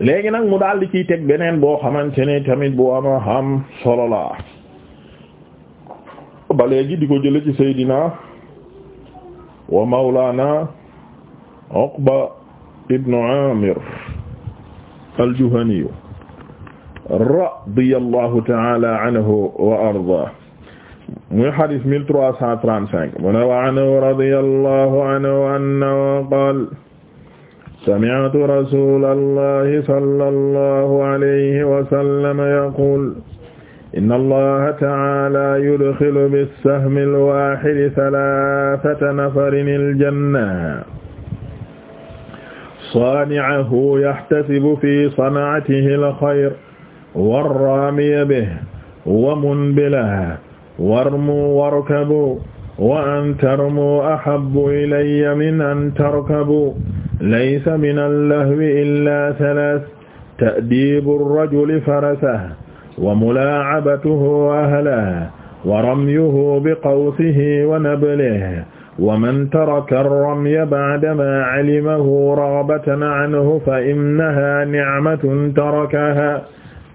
léegi nag mu daal di ciy teg beneen boo xamante ne tamit bu ama xam léegi di ko jële ci Seydina wa Mawlana Uqba ibnu Amir al-Juhani radiyallahu anhu wa arda muy hadith 1335 mu ne wa anhu radiyallahu anhu annahu qala sami'tu rasulallahi sallallahu alayhi wa sallam yaqul inna allaha ta'ala yudxilu bis-sahmi al-waahidi thalathata nafarin al-janna saani'ahu yahtasibu fi sana'atihi al-khayr war-raamiya bihi wa munbilahu warmuu warkabuu wa an tarmuu ahabbu ilayya min an tarkabuu laysa min allahwi illa thalath ta'dibu ar-rajuli farasahu wa mulaa'abatuhu ahlahu wa ramyuhu biqawsihi wa nablihi wa man taraka ar-ramya ba'damaa 'alimahu raghbatan 'anhu fa innahaa ni'matun tarakahaa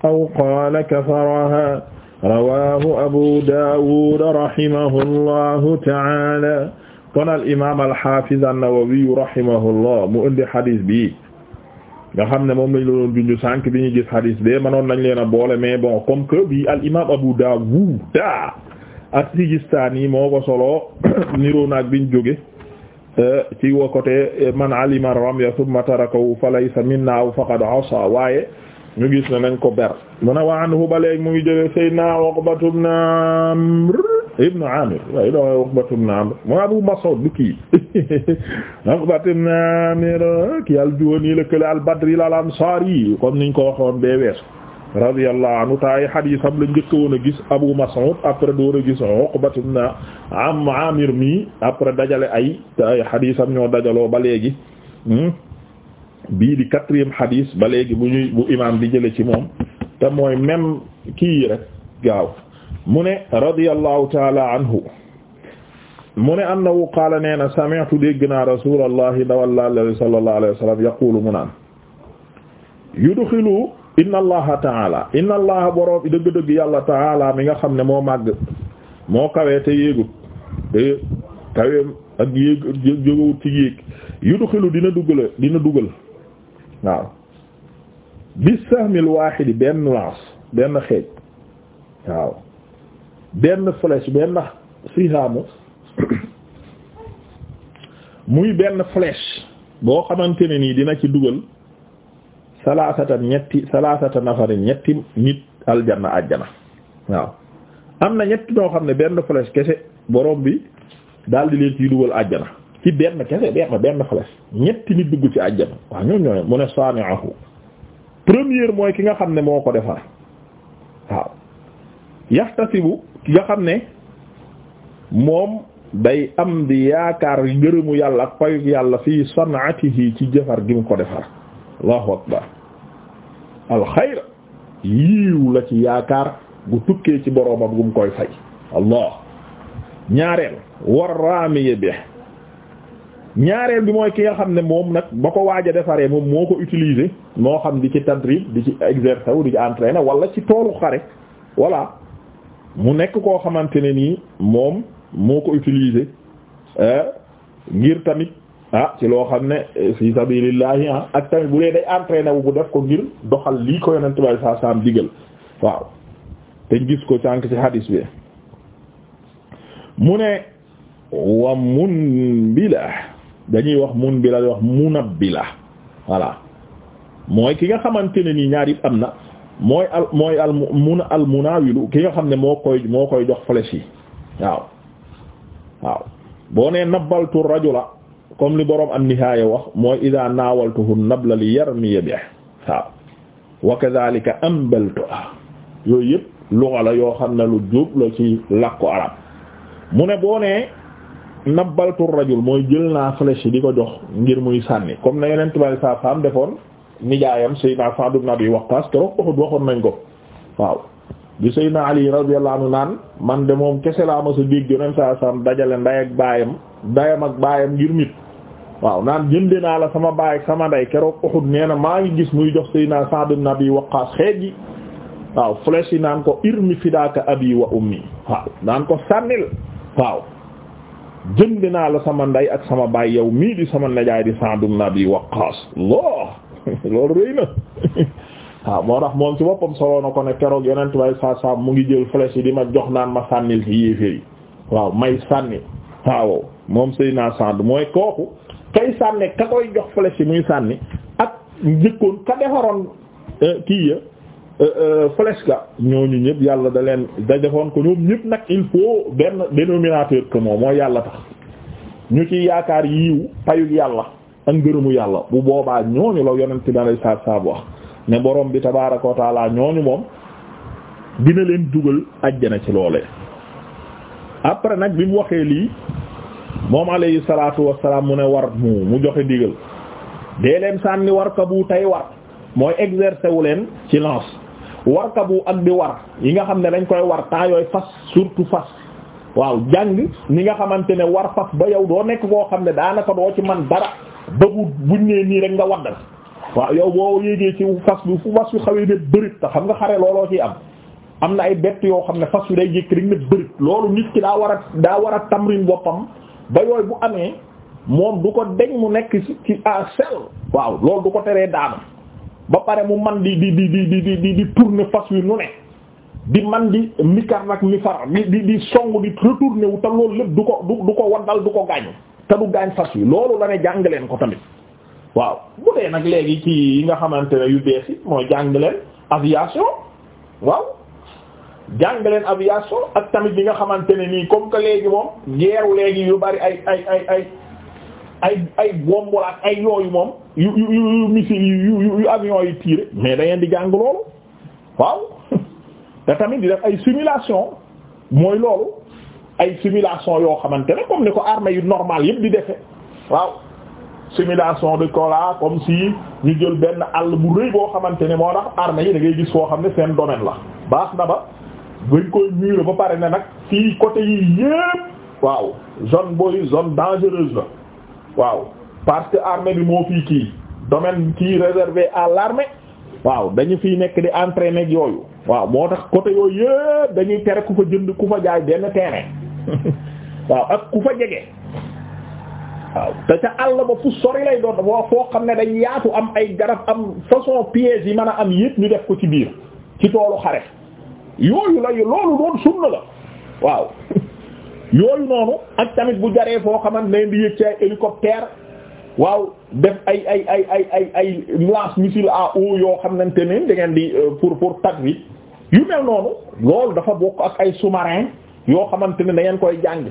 aw qaala kafarahaa rawaahu Abuu Daawuud rahimahullaahu ta'aalaa kon al imaam al xaafiz an mu indi xadis bi nga xam ne moom lañ la doon junj sànq bi ñu gis xadis bee manoon nañ leen a boole mais bon comme que bi al imaam Abu Dawud as-Sijistaani moo ko solo niroo naag biñ jóge euh, ci wa côté euh, man alima ramya thumma tarakahu fa laysa minna aw faqad asa waaye ñu gis ne nañ ko ber mu ne wa anhu ba léegi mu ngi jëlee ibn Amir waaye da ngay Uqbat ibn Amir mu Abu Mas'ud du kii Uqbat ibn Amir kii al-Juhani la kële al-Badri al-Ansari comme niñ ko waxoon bee weesu radiyallahu anhu taay xadiisam la njëkk woon a gis Abu Mas'ud après doon a gis Uqbat ibn am Amir mi après dajale ay taay xadiisam ñoo dajaloo ba léegi hmm? bii di quatrième xadiis ba léegi bu bu imaam di jële ci moom te mooy même kii rek gaaw mu ne radiyallahu taala anhu mu ne annahu qaala nee na sami'tu dégg naa rasulallahi ndawallal sallallahu alayhi wa sallam yaqulu mu naan yudxilu inna allaha taala inna allaha boroom dëgg-dëgg yàlla taala mi nga xam ne moo màgg moo kawee te yéegut te kaweem ak yéeg jógawut ci yéeg yudxilu dina duggale dina dugal waaw bis sahmil waahidi benn lance benn xeej waaw benn flèche benn sihaamu muy benn flèche boo xamante ne nii dina ci dugal salaasata ñetti salaasata nafari ñetti nit aljanna ajjana waaw am na ñetti ñoo xam ne benn flèche kese borom bi daal di leen ciy dugal ajjana ci benn kese benn benn flèche ñetti nit dugg ci ajjana waaw ñoom ñooy mu ne saani'ahu première mooy ki nga xam ne moo ko defar waaw yaxtasibu ki nga xam ne moom day am di yaakaar ngërëmu yàlla ak payug yàlla fii sanaatihi ci jëfar gi mu ko defar allahu akbar alxayr yiiw la ci yaakaar gu tukkee ci boroomam gu mu koy fay allah ñaareel war raamiye bi ñaareel bi mooy ki nga xam ne moom nag ba ko waaj a defaree moom moo ko utiliser moo xam di ci tadrib di ci exercer wu di ci entraîner walla ci toolu xare voilà mu nekk koo xamante ne nii moom moo ko utilisé eh, ngir tamit ah ci loo xam ne eh, fi sabilillahi ah ak tamit bu dee day entraîné bu def ko ngir doxal lii ko yonent bay saa saam digal waaw te gis ko cànk ci hadis bi mu ne wa mun bila dañuy wax mun bila di wax munab la voilà mooy ki nga xamante ne nii ñaar yëpp am na mooy al mooy al mun al munawilu ki nga xam ne moo koy moo koy jox flèche yi waaw waaw boo nee nabaltu rajula comme li boroom am nihaaya wax mooy ida naawaltuhu nabla li yarmiya bih waaw wa kadhalika ambaltu yooyu yëpp luga la yoo xam ne lu jub la ci làkku arab mu ne boo nee nabaltu rajul mooy jël naa flèche yi di ko jox ngir muy sànni comme na yonent bi sallallahu alayhi wasallam defoon nijaayam Seydina Sa'd ibn Abi Waqqas keroog Uhud waxoon nañ ko waaw di Seydina Ali radiyallahu anhu naan man de moom kese laa ma sa dégg yonent saa saam dajale nday ak baayam ndayam ak baayam ngir nit waaw naan jënde naa la sama baay ak sama nday keroog Uhud nee maa ngi gis muy jox Seydina Sa'd ibn Abi Waqqas yi waaw naan ko irmi fidaaka abi wa ummi waaw naan ko sànnil waaw jënd naa la sama nday ak sama baay yow mii di sama najaay di Sa'd ibn Abi loolu rëy na waaw ah, moo tax moom ci boppam solo na ko ne keroog yonent waaye saa saa mu ngi jël flèche yi di ma jox naan ma sànnil ci yéeféer yi waaw may sànni waaw moom sëy naa sànd mooy kooku kay sànni ka koy jox flèche yi muy sànni ak njëkkoon ka defaroon eh, kii ya eh, eh, flèche ga ñooñu ñëpp yàlla da leen da defoon ko ñoom nag il faut benn dénominateur commun mooy yàlla tax ñu ci yaakaar yiiw payug yàlla ak ngërëmu yàlla bu boobaa ñooñu la yonent bi alayhi salaatu salaam wax ne borom bi tabaaraka wa ñooñu moom dina leen dugal ajjana ci loolee. après nag bi mu waxee lii moom alayhi salaatu wa mu ne war mu mu joxe digal dee leen sànni warkabu tey war mooy exercer wu leen ci lance warkabu ak di war yi nga xam ne dañ koy war taa yooyu fas surtout fas. waaw jàng ni nga xamante ne war fas ba yow doo nekk koo xam ne daanaka doo ci man dara ba bu buñ nee nii rek nga waddal waaw yow boo yéegee ci fas bi fu fas yu xawee ne bërit te xam nga xare looloo ciy am am na ay bett yoo xam ne fas yu day jékki rek ne bërit loolu nit ki daa war a daa war a tamrin boppam ba yooyu bu amee moom du ko deñ mu nekk ci à sel waaw loolu du ko teree daanu ba pare mu man di di di di di di di di tourner fas yu nu ne di man di mi kar nag mi far di di di song di retourner wu te loolu lépp du ko du du ko waddal du ko gaañu te du gaañ fas wi loolu la ne jàng leen ko tamit waaw bu dee nag léegi ci yi nga xamante ne yu bees yi mooy jàng leen aviation waaw jàng leen aviation ak tamit yi nga xamante ne nii comme que léegi moom geeru léegi yu bari ay ay ay ay ay ay ak ay yooyu moom yu yu yu missile yu yu avion yi tiré mais da di jàng loolu waaw te tamit di def ay simulation mooy loolu ay simulation yoo xamante ne comme ni ko armée yu normal yëpp di defe waaw simulation de cola comme si ñu jël benn àll bu rëy boo xamante ne moo tax armée yi da ngay gis foo xam ne seen domaine la baax na ba bañ koy muré ba pare ne nag fii côté yi yëpp waaw zone booy zone dangereuse la waaw parce que armée bi moo fii kii domaine kii réservé à l'armée waaw dañu fii nekk di entraîner ak yooyu waaw moo tax côté yooyu yëpp dañuy tere ku fa jënd ku fa jaay benn terrain waaw ak ku fa jege waaw te ca àll ba fu sori lay doon foo xam ne dañ yaatu am ay garab am façon piège yi man a am yépp ñu def ko ci biir ci toolu xare yooyu la loolu doon sunna la waaw yooyu noonu ak tamit bu jaree foo xaman ne di yëg ci ay hélicoptère waaw def ay ay ay ay ay missile à eau yoo xamante ne da ngeen di euh, pour pour tag bi yu mel noonu loolu dafa bokk ak ay sous-marin yoo xamante ne da ngeen koy jàng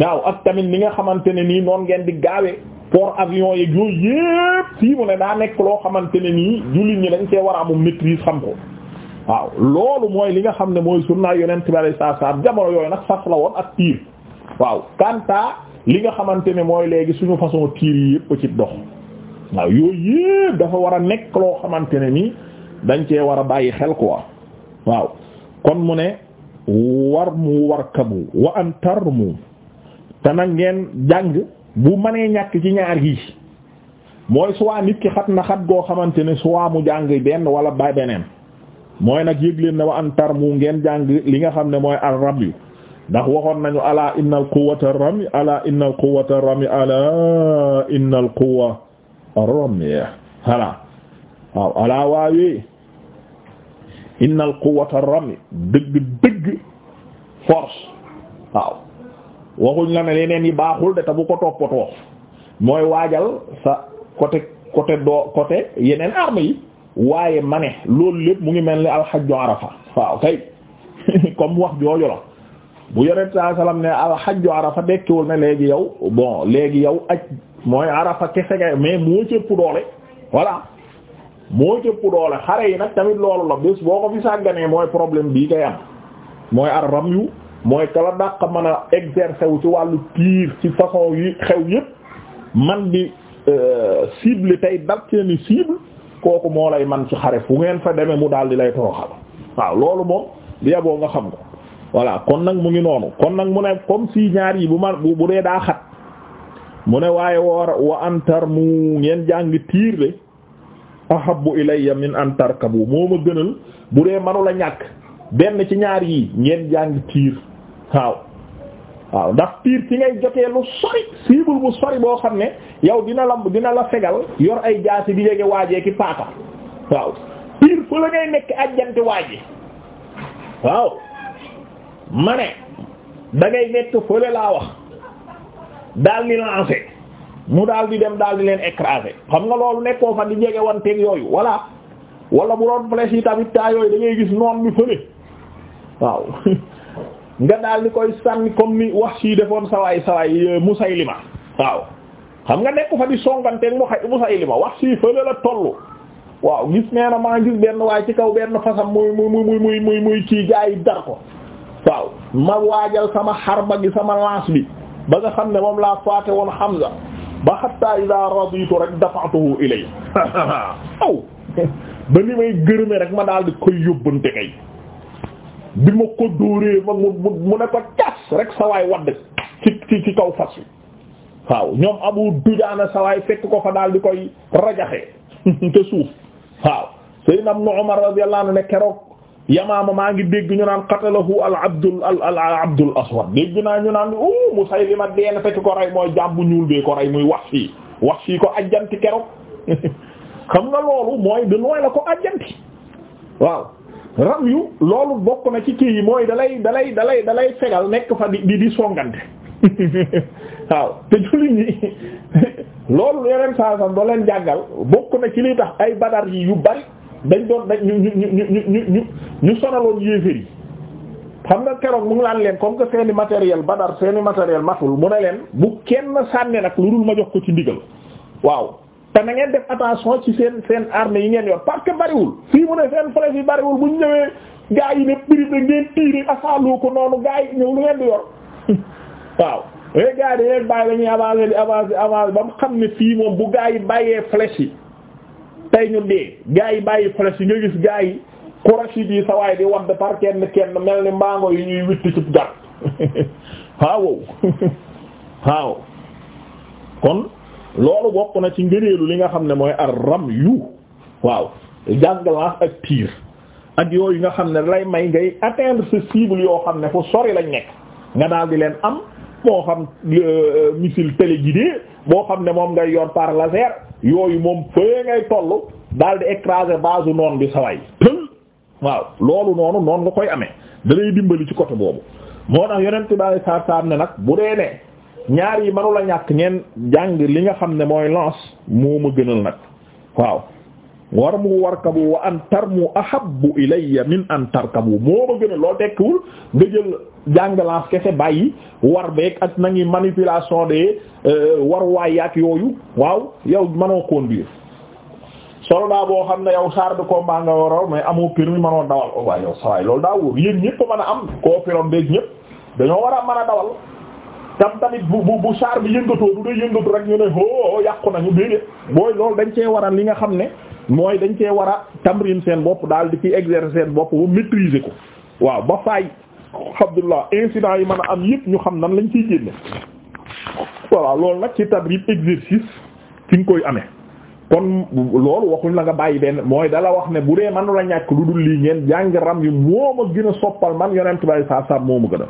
waaw ak tamit ni nga xamante ne nii noon ngeen di gaawe port avion yeeg yooyu yépp fii mu ne daa nekk loo xamante ne nii jullit ñi dañ cee war a amum maîtrise xam ko waaw loolu mooy li nga xam ne mooy sunna yonent bi sallallahu alayhi wasallam jamono yooyu nag fas la woon ak tiir waaw kanta li nga xamante ne mooy léegi suñu façon tiir yi yépp ci dox waaw yooyu yépp dafa war a nekk loo xamante ne nii dañ cee war a bàyyi xel quoi waaw war mu war kabu wa an tarmu te nag ngeen jàng bu mënee ñàkk ci ñaar yi mooy su nit ki xat na xat goo xamante ne soit mu jàng benn wala ba beneen mooy nag yëg leen ne wa an tarmu ngeen jàng li nga xam ne mooy al rab yu ndax waxoon nañu ala inna al quwwata rami ala inna al quwwata rami ala al quwwa rami ala waaw ala waaye inna al quwwata rami dëgg force waaw waxuñ la ne leneen yi baaxul de te bu ko toppatoo mooy waajal sa côté côté doo côté yeneen armes yi waaye ma ne loolu lépp mu ngi mel ni alxajju arafa waaw kay comme wax jooju la bu yonent saa salaam ne alxajju arafa dekkiwul na léegi yow bon léegi yow aj mooy arafa kese nga mais moo cëpp doole voilà moo cëpp doole xare yi nag tamit loolu la bés boo ko fi sàgganee mooy problème bii kay am mooy ar yu mooy kala dàq mën a exercer wu ci wàllu tir ci façon yi xew yépp man di euh, cible tey dal seeni cible kooku moo lay man ci xare fu ngeen fa demee mu daal di lay toroxal waaw loolu moom yaboo nga xam ko voilà kon nag mu ngi noonu kon nag mu ne comme si ñaar yi bu ma bu dee daa xat mu ne waaye war wa antar mu ngeen jàngi tiir de ahabbu ilayya min antar kabu moo a gënal bu dee manu la ñàkk benn ci ñaar yi ngeen jàng tiir waaw waaw ndax piir ci ngay jotee lu sori cible bu sori boo xam ne yow dina la dina la fegal yor ay jaasi di yége waajee ki paaka waaw piir fu la ngay nekk ajjante waaji waaw ma ne dangay ngay nekk fële laa wax daal di lancer mu daal di dem daal di leen écraser xam nga loolu nekkoo fa di jege wanteeg yooyu voilà wala bu doon flèche yi tamit taa yooyu da ngay gis noon bi fële waaw nga daal di koy sànni comme ni wax sii defoon sawaay sawaay euh, Musaylima waaw xam nga nekk fa di songanteeg mu xay Musaylima Wahshi fële la tollu waaw gis nee na maa gis benn waaye ci kaw benn fasam muy muy muy muy muy muy kii gaa dar ko waaw ma waajal sama xarba gi sama lance bi ba nga xam ne moom laa faate woon Hamza ba hatta ida raditu rek dafa'tuhu ilay aw ba ni may gërëme rek ma daal di koy yóbbante kay bi ma ko dóoree ma mu mu ne ko cas rek sawaay wadd ci ci ci kaw fas wi waaw ñoom abu dujaana sawaay fekk ko fa daal di koy rajaxee te suuf waaw sayyidna ibn umar radiyallahu anhu ne keroog yamaama maa ngi dégg ñu naan qatalahu al abdul al abdul aswad dégg naa ñu naan u musaylima deen fekk ko rey mooy jàmbu ñuul bee ko rey muy wahshi wahshi ko ajjanti keroog xam nga loolu mooy de nooy la ko ajjanti waaw ram yu loolu bokk na ci kii yi mooy dalay dalay dalay dalay fegal nekk fa di di songante waaw te jullit ñi loolu yeneen saa sam doo leen jàngal bokk na ci li tax ay badar yi yu bari dañ doon dañ ñu ñu ñu ñu ñu ñu sonaloon yéeféer yi xam nga keroog mu ngi laan leen comme que seeni matériel badar seeni matériel matul mu ne leen bu kenn sànni nag lu dul ma jox ko ci ndigal waaw te na ngeen def attention ci seen seen armée yi ngeen yor parce que bariwul fii mu ne seen flèche yi bariwul bu ñu ñëwee gaa yi ne prix da ngeen tiiri asaalu ko noonu gaa yi ñëw lu ngeen di yor waaw. yooyu gaa yi dañuy bàyyi dañuy avancer di avancer avancer ba mu xam ne fii moom bu gaa yi bàyyee flèche yi tey ñu dee gaa yi bàyyi flèche yi nga gis gaa yi Quraysh yi sa waay di wadd par kenn kenn mel ni mbaango yi ñuy witti ci gàtt waaw waaw kon. loolu bokk na ci ngëneelu li nga xam ne mooy ar-ram yu waaw jàngalance ak tiir ak yooyu nga xam ne lay may ngay atteindre sa cible yoo xam ne fu sori lañ nekk nga daal di leen am moo xam euh, missile téléguidé boo xam ne moom ngay yor par laser yooyu moom fee ngay tollu daal di écraser base noon bi saway tël waaw loolu noonu noonu nga koy amee da lay dimbali ci côté boobu moo tax yonent bi sallallahu alayhi wasallam ne nag bu dee ne ñaar yi mënu la ñàkk ngeen jàng li nga xam ne mooy lance moo ma gënal nag waaw war mu warkabu wa an tarmu ahabbu ilayya min an tarkabu moo ma gënal loolu tekkiwul nga jël jàng lance kese bàyyi war beeg ak nangi manipulation de euh, war waay ak yooyu waaw yow mënoo conduire soldat boo xam ne yow char de combat nga waroon mais amoo permis mënoo dawal oh, waaw yow sawaay loolu daa wóor yéen ñëpp mën a am coopérative ñëpp dañoo war a mën a dawal tam tamit bu bu bu char bi yëngatoo du dee yëngatu rek ñu ne hoo yàqu nañu déedéet booy loolu dañ cee war li nga xam ne mooy dañ cee war a tamrin seen bopp daal di fi exercer seen bopp bu maîtriser ko waaw ba fay Abdullah incident yi man a am yëpp ñu xam nan lañ ci génne voilà loolu nag ci tadrib exercice ci nga koy amee kon loolu waxuñ la nga bàyyi benn mooy dala wax ne bu dee manu la ñàkk lu dul lii ngeen jàngi ram yu moom a gën a soppal man yonent bay saa saa moom gën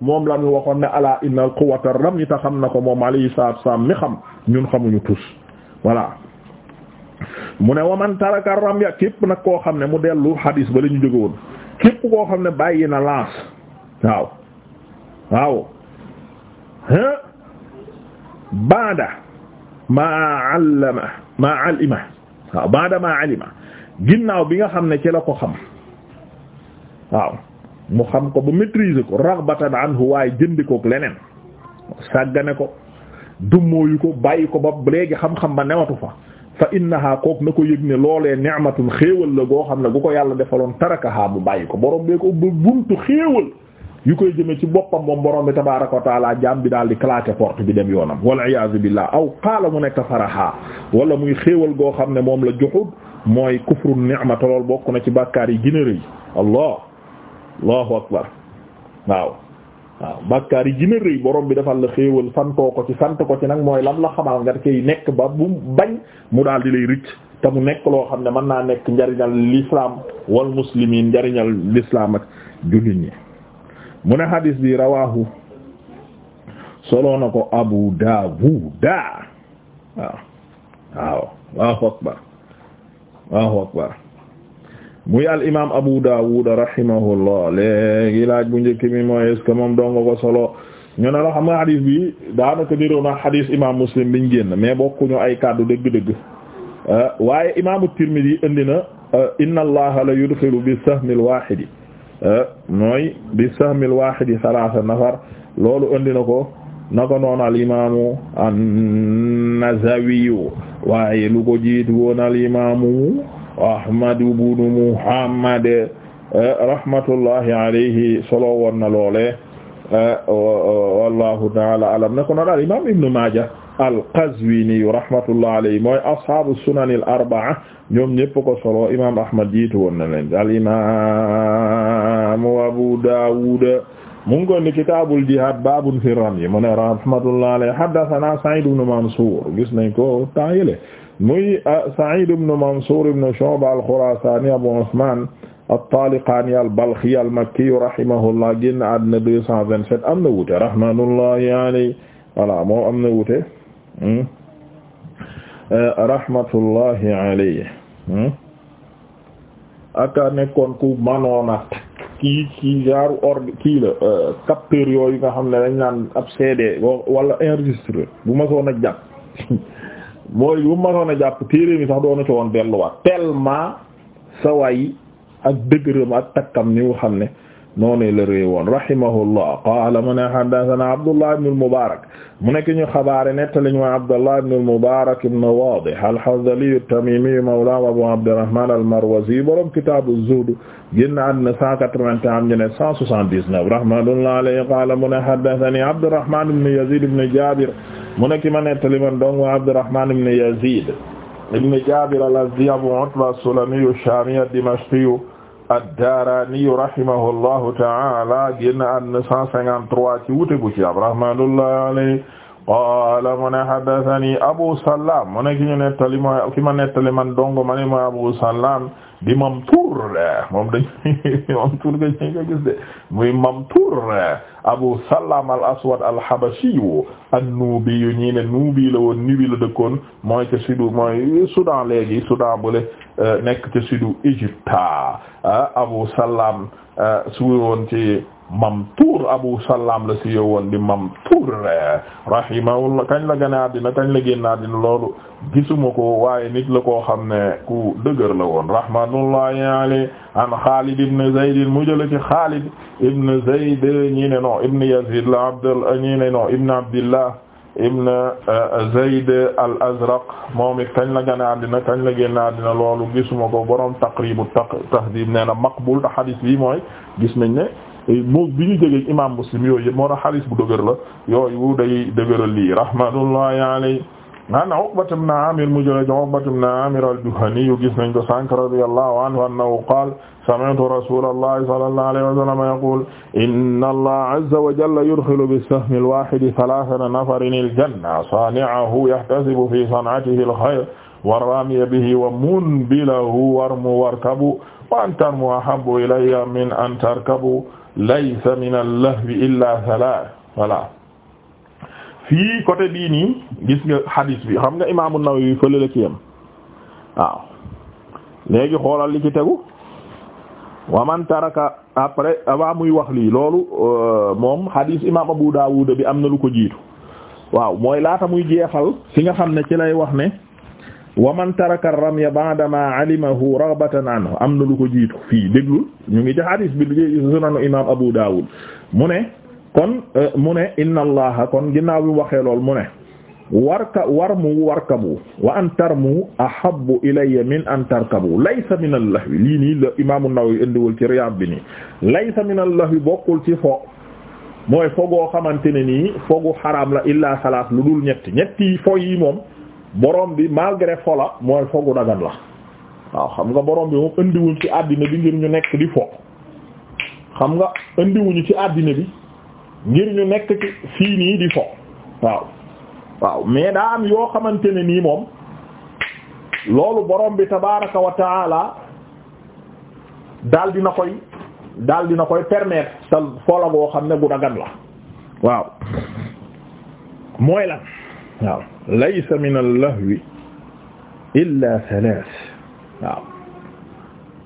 moom la ñu waxoon ne ala inna al quwwata ram ta xam na ko moom alayhi salaatu salaam mi xam ñun xamuñu tus voilà mu ne waman taraka ramya képp nag koo xam ne mu dellu hadis ba la ñu jóge woon képp koo xam ne bàyyi na lance waaw waaw hein baada maa allama maa alima waaw baada maa alima ginnaaw bi nga xam ne ci la ko xam waaw mu xam ko ba maîtriser ko raghbatan anhu waaye jëndi kook leneen sàggane ko dummóoyu ko bàyyi ko ba léegi xam-xam ba newatu fa fa innaha kook na ko yëg ne loolee ni'matun xéewal la goo xam ne gu ko yàlla defaloon tarakaha mu bàyyi ko borom bee ko bu buntu xéewal yu koy jëme ci boppam moom borom bi tabaaraka wa taala jaam bi daal di claquer porte bi dem yoonam wal iyaazu billah aw qaala mu nekk faraha wala muy xéewal goo xam ne moom la juxud mooy kufru ni'mata lool bokk na ci bàkkaar yi gën allahu akbar waaw waaw bàkkaar yi gën a rëy borom bi defal la xéewal santoo ko ci sant ko ci nag mooy lam la xamal nga koy nekk ba bu bañ mu daal di lay ricc te mu nekk loo xam ne mën naa nekk njariñal l'islam wal muslimin njariñal l'islam ak jullit ñi mu ne hadis bi rawahu soloo ko Abu Dawud waaw waaw allahu akbar allahu akbar muy al imaam Abu Dawud rahimahullah léegi laaj bu njëkk mi mooy est-ce que moom dong ko solo ñu ne la xam nga xadis bi daanaka niroo na xadis imaam Muslim biñ génn mais bokkuñu ay kàddu dëgg-dëgg euh, waaye imaamu Tirmidi indi euh, inna allaha la yudxilu bi sahmil waahidi euh, mooy bi sahmil waahidi salaasa nafar loolu indi na ko naka noonu al waaye lu ko jiitu woon al Ahmad ibn Muhammad eh, rahmatullahi alayhi solo woon na loole eh, wallahu ta'ala alam ne ko noon al imam Ibn Majah al-Qazwini rahmatullahi alayhi mooy ashabu sunan al-arba'a ñoom ñépp ko solo imam Ahmad jiitu woon na leen al imam Abu Dawud mu ngi ko ni kitaabul jihaad babun fi ramy mu ne rahmatullahi alayhi haddathana Sa'id ibn Mansur gis nañ ko tayele muy ah, Sa'id ibn Mansur ibn Shu'ba al-Khurasani Abu Usman at-Taliqani al-Balkhi al-Makki rahimahullah génn àddina 227 am na wuute rahmatullahi alayhi voilà moom am na wuute hmm, eh, rahmatullahi alayhi hmm. aka nekkoon ku manoona kii kii genre ordre kii la eh, capteur yooyu nga xam ne dañ naan ab CD wala ma soon a mooy bu ma doon a jàpp téere mi sax doona ci woon delluwaat tellement sawaay ak dëgërëm ak takkam ni nga xam ne noonu la rëy woon rahimahullah qaala mu ne haddathana Abdullah ibn al-Mubarak mu nekk ñu xabaare nettali ñu Abdullah ibn al-Mubarak ibn Wadih al-Hanzali at-Tamimi mawla Abu Abdurrahman al-Marwazi borom kitab az-Zuhd génn àddina 180 am ñu ne 179 rahmatullahi alayhi qaala mu ne haddathani Abdurrahman ibn Yazid ibn Jabir mu ne ki ma nettali man dong wa Abdurrahman ibn Yazid ibn Jabir al-Azdi Abu Utba as-Sulami ash-Shami ad-Dimashqi ad-Darani rahimahullahu ta'ala génn àdduna 153 ci wute bu ci am rahmatullahi alayhi qaala mu ne haddathani Abu Salam mu ne ki ñu nettali mooy ki ma nettali man dong ma ne mooy Abu Salam di Mamtur moom dañ Mamtur ga ñu ko gis de muy Mamtur Abu Salam al-Aswad al-Habashi an-Nubi ñii ne Nubi la woon Nubi la dëkkoon mooy ca sudu mooy Soudan léegi Soudan bu le eh, nekk ca sudu Égypte ah, Abu Salam eh, suwoon ci Mamtur Abu Salam la si yow woon di Mamtur rahimahullah kañ la gane àddina kañ la génn àddina loolu gisuma ko waaye nit la koo xam ne ku dëgër la woon rahmatullahi alayhi an Xaalid ibn Zayd mu jële ci Xaalid ibn Zayd ñi ne non ibn Yazid la Abdullah ñi ne non ibn Abdillah ibn euh, Zayd al-Azraq moom it kañ la gane àddina kañ la génn àddina loolu gisuma ko borom Taqrib at-Tahdhib nee na maqbul ta hadis bi mooy gis nañ ne moom bi ñu jógee imam Muslim yooyu yëpp moo tax xadis bu dëgër la yooyu day dëgëral lii rahmatullahi alayhi an Uqbata ibn Amir mu jëlee ci Uqbata ibn Amir al-Juhani yu gis nañ ko sànq radiyallahu anhu annahu qaala sami'tu rasulallahi sallallahu alayhi wa sallam yaqul inna allaha azza wa jalla yudkhilu bis-sahmi al-wahidi thalathata nafarin al-janna sani'ahu yahtasibu fi san'atihi al-khayr warramiya bihi wa munbilahu warmu warkabu wa an tarmu ahabbu ilayya min an tarkabu laysa min al illa thalath voilà fii côté bii nii gis nga hadith bi xam nga imaam an-Nawawi fële la ci yem waaw léegi xoolal li ci tegu wa man taraka après avant muy wax lii loolu euh, moom hadith imaam Abu Dawud bi am na lu ko jiitu waaw mooy laata muy jeexal fi nga xam ne ci lay wax ne wa man taraka ramya ba'da ma alimahu raghbatan anhu am na lu ko jiitu fii déglul ñu ngi ci hadis bi sunanu imam Abu Dawud mu ne kon euh, mu ne inna allaha kon ginnaaw bi waxee lool mu ne warka warmu warkabu wa an tarmu ahabbu ilayya min an tarkabu laysa min al-lahwi lii nii la imam an-Nawawi indiwul ci Riyad bi nii laysa min al-lahwi bokkul ci fo mooy fogoo xamante ne nii fogu xaraam la illaa salaas lu dul ñetti ñetti fo yi moom boroom bi malgré fola mooy foogu dagan la waaw xam nga borom bi moom indiwuñ ci àddina bi ngir ñu nekk di fo xam nga indiwuñu ci àddina bi ngir ñu nekk ci fii nii di fo waaw waaw mais daa am yoo xamante ne nii moom loolu boroom bi tabaraka wa taala daal dina koy daal dina koy permettre sa fola goo xam ne gu dagan la waaw mooy lan waaw laysa min al-lahwi illa thalath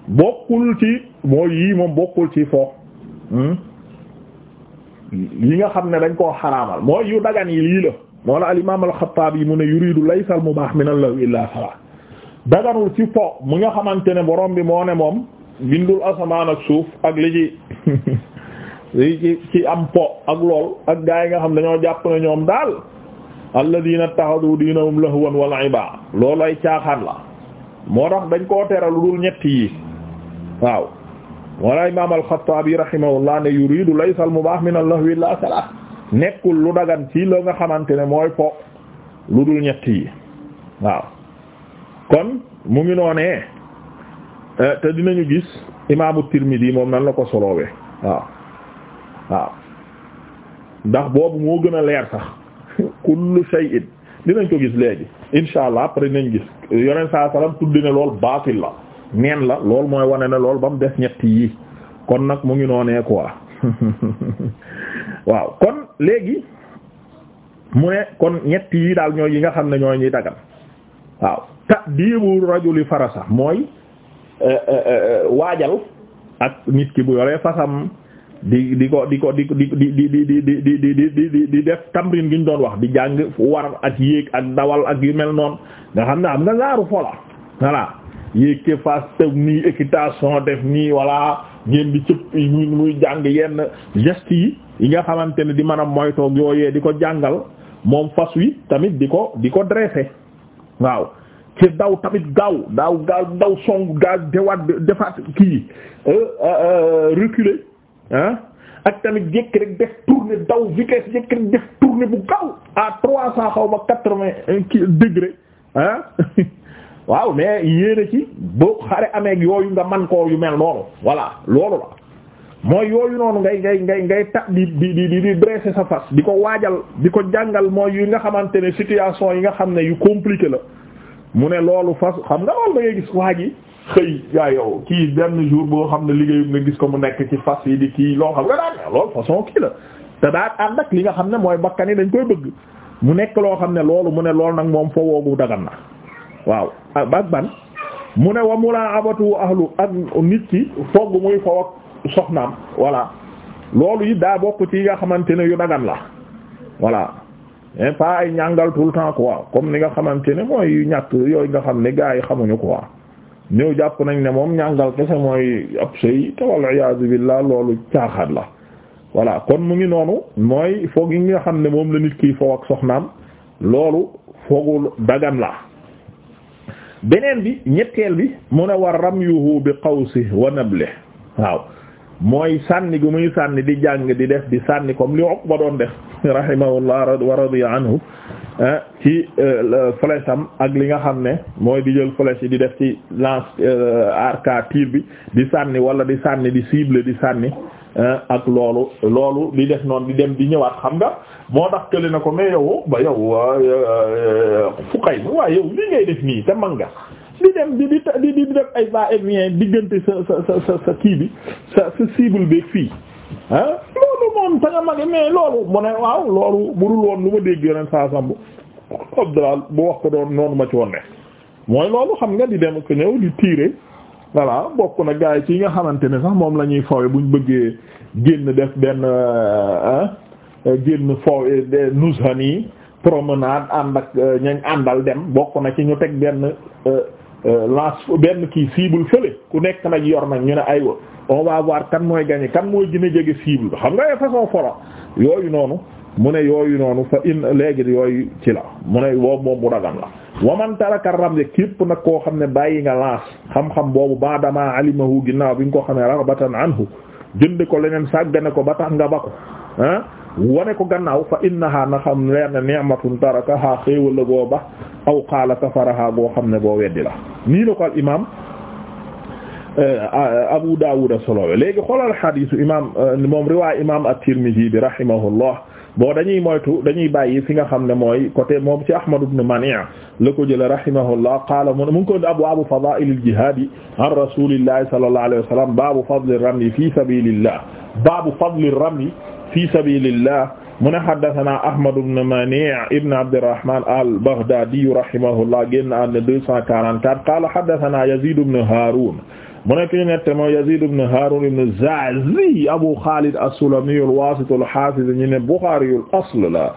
bokkul ci mooy yii moom bokkul ci fo hmm? yi nga xam ne dañ koo xaraamal mooy yu dagan yi lii la moo la al imam al yi mu ne yuridu laysa al-mubah min al-lahwi illa daganul ci fo mu nga xamante ne borom bi moo ne moom bindul asamaan ak suuf ak li ci li ci ci am po ak lool ak gaa yi nga xam dañoo jàpp ne ñoom daal alladina taxadu diinahum lahwan wa la'iba loolu ay caaxaan la moo tax dañ koo tere lu dul ñett yi waaw wala imam alxataabi rahimahullah ne yuridu laysa al mubah min al lahwi illa nekkul lu dagan ci la nga xamante ne mooy fo lu dul ñett yi waaw kon mu ngi noonee eh, te dinañu gis imaamu tirmidi moom nan la ko solowee waaw waaw ndax boobu moo gën a leer sax kullu shay'in dinañ ko gis léegi insha allah après nañ gis yoneen saa salaam tudd ne lool baatil la neen la lool mooy wane ne lool ba mu des ñetti yi kon nag mu ngi noonee quoi waaw kon léegi mu ne kon ñett yi daal ñooy yi nga xam ne ñooy ñuy dagal waaw ta'dibu rajuli farasa mooy eh, eh, eh, waajal ak nit ki bu yoree fasam di di ko di ko di di di di di di di di di di def tamrin gi ñu doon wax di jàng war ak yéeg ak dawal ak yu mel noon nga xam ne am nga zaaru fola voilà yéeg ke fas tëb nii équitation def nii voilà ngeen di cëpp muy jàng yenn gestes yi yi nga xamante ne di mën a moytoog yooyee di ko jàngal moom fas wi tamit di ko di ko dressé waaw ci daw tamit gaaw daaw gaaw daw song gaaw dewaat defaat kii reculer ah ak tamit jékki rek def tourner daw vitesse jékki def tourner bu gaaw à trois cent xaw ma quatre-vingts degré ah waaw mais yéene ci boo xare amee yooyu nga man koo yu mel noonu voilà loolu la mooy yooyu noonu ngay ngay ngay ngay ta di di di di dresser sa face di ko waajal di ko jàngal mooy yu nga xamante ne situation yi nga xam ne yu compliqué la mu ne loolu fas xam nga loolu da gis waa ji xëy yaa yow kii benn jour boo xam ne liggéeyu nga gis ko mu nekk ci fas yi di kii loo xam nga daan loolu façon kii la te daan ànd ak li nga xam ne mooy bakkan yi dañ koy bëgg mu nekk loo xam ne loolu mu ne loolu nag moom foo woogu dagan na waaw ak ban mu ne wa mulaa abatu ahlu ak nit ki fogg muy faw ak soxnaam voilà loolu yi daa bokk ci yi nga xamante ne yu dagan la voilà mais pas ay ñàngal tout le temps comme ni nga xamante ne mooy ñàkk yooyu nga xam ne gars yi xamuñu quoi ñëw jàpp nañ ne moom ñàngal kese mooy ab sëy te wal la voilà kon mu ngi noonu mooy foog yi nga xam ne moom la nit kii foo ak soxnaam loolu foogul dagan la beneen bi ñetteel bi mu ne war ramyuhu bi qawsi wa nable waaw mooy sànni gu muy sànni di jàng di def di sànni comme li Uqba doon def rahimahullah wa radiya anhu Euh, ci euh, flèche ak li nga xam ne mooy di jël flèche yi di def ci lance euh, arc tir bi di sànni wala di sànni di cible di sànni ak loolu loolu di def noonu di dem di ñëwaat xam nga moo tax kële na ko mais yow ba yow fukkay mu waaye yow li ngay def nii te man nga di dem di di def ay va et diggante sa sa sa kii bi sa sa cible bi fii woon te nga mage mais loolu mu ne waaw loolu budul woon lu ma dégg yeneen saa sambu Abdallah bu wax ko doon noonu ma ci woon ne mooy loolu xam nga di dem ko ñëw di tirer voilà bokk na gaa yi ci nga xamante ne sax moom la ñuy bu ñu bëggee génn def benn euh, euh, génn foowe nusani promenade ànd ak euh, ña àndal dem bokk na ci ñu teg benn Euh, lance benn kii cible fële ku nekk nag yor nag ñu ne aywa on va voir kan mooy gagner kan mooy gën a jege cible bi xam nga façon foro yooyu noonu mu ne yooyu noonu fa in léegi yooyu ci la mu ne boobu moom bu dagan la waman taraka ramli képp nag koo xam ne bàyyi nga lance xam-xam boobu badama alimahu ginnaaw bi nga ko xamee raghbatan anhu jënd ko leneen sàggane ko ba tax nga ba ko ah wane ko gannaaw fa innaha na xam leer na ni'matun tarakaha xéewal la ba aw qaala kafaraha boo xam ne boo weddi la nii la ko al imaam eh, Abu Daawuda solowe léegi xoolal xadiisu imaam eh, moom riwaay imaam at-Tirmidhi bi rahimahullah boo dañuy moytu dañuy bàyyi fi nga xam ne mooy côté moom ci Ahmad ibn Mani' la ko jëlee rahimahullah qaala mu ngi ko abwaabu fadaa'il al-jihaad an rasuulillahi sallallahu alayhi wa sallam baabu fadli ramyi fi sabiilillah baabu fadli ramyi fi sabiilillah mu ne haddathana Ahmad ibn Mani' ibn Abdirrahman al-Baghdadi rahimahullah génn àdduna 244 qala haddathana Yazid ibn Harun mu nekk ñu nette moo Yazid ibn Harun ibn Zazi Abu Khalid as-Sulami al-Wasit al-Hafiz ñu ne Bukhari al-asl la